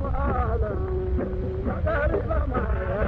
وآلن تعارف ما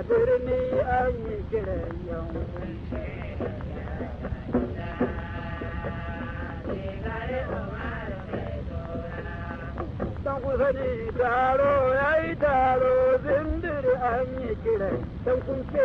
a birni an yi kiran Dan kusa ne taro ya yi taro zindiri an yi kiran dan kun ce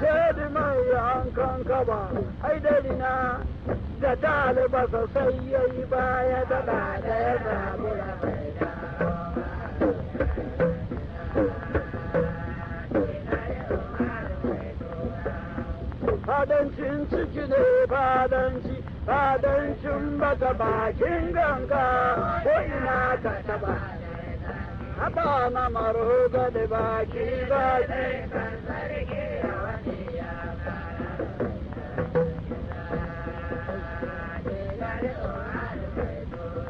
shedi mai hankan kaba na da dalibasa sai ya yi baya da da ya samu Fadancin ciki ne fadanci, fadancin bata bakin ganga ko ina ka taba. Haba na maruga da baki baki.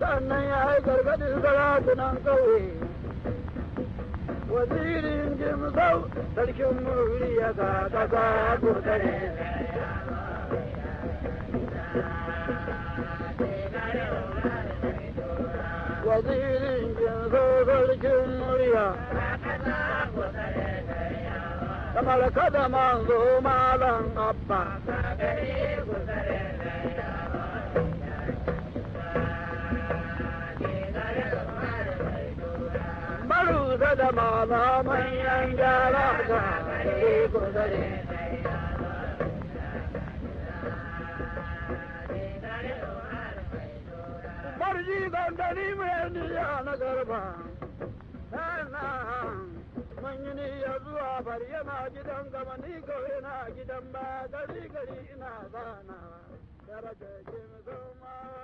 sannan ya yi gargadin saratunan kauye wazirin jimsau sarkin muri ya ga kasa kudare wazirin jimsau sarkin murya kamar kada manzo malam abba ma manyan gyara ga ke kudare Marji dandali niya na garba, na zuwa bari gidan gaba ni gidan ba gari gari zana daraja zama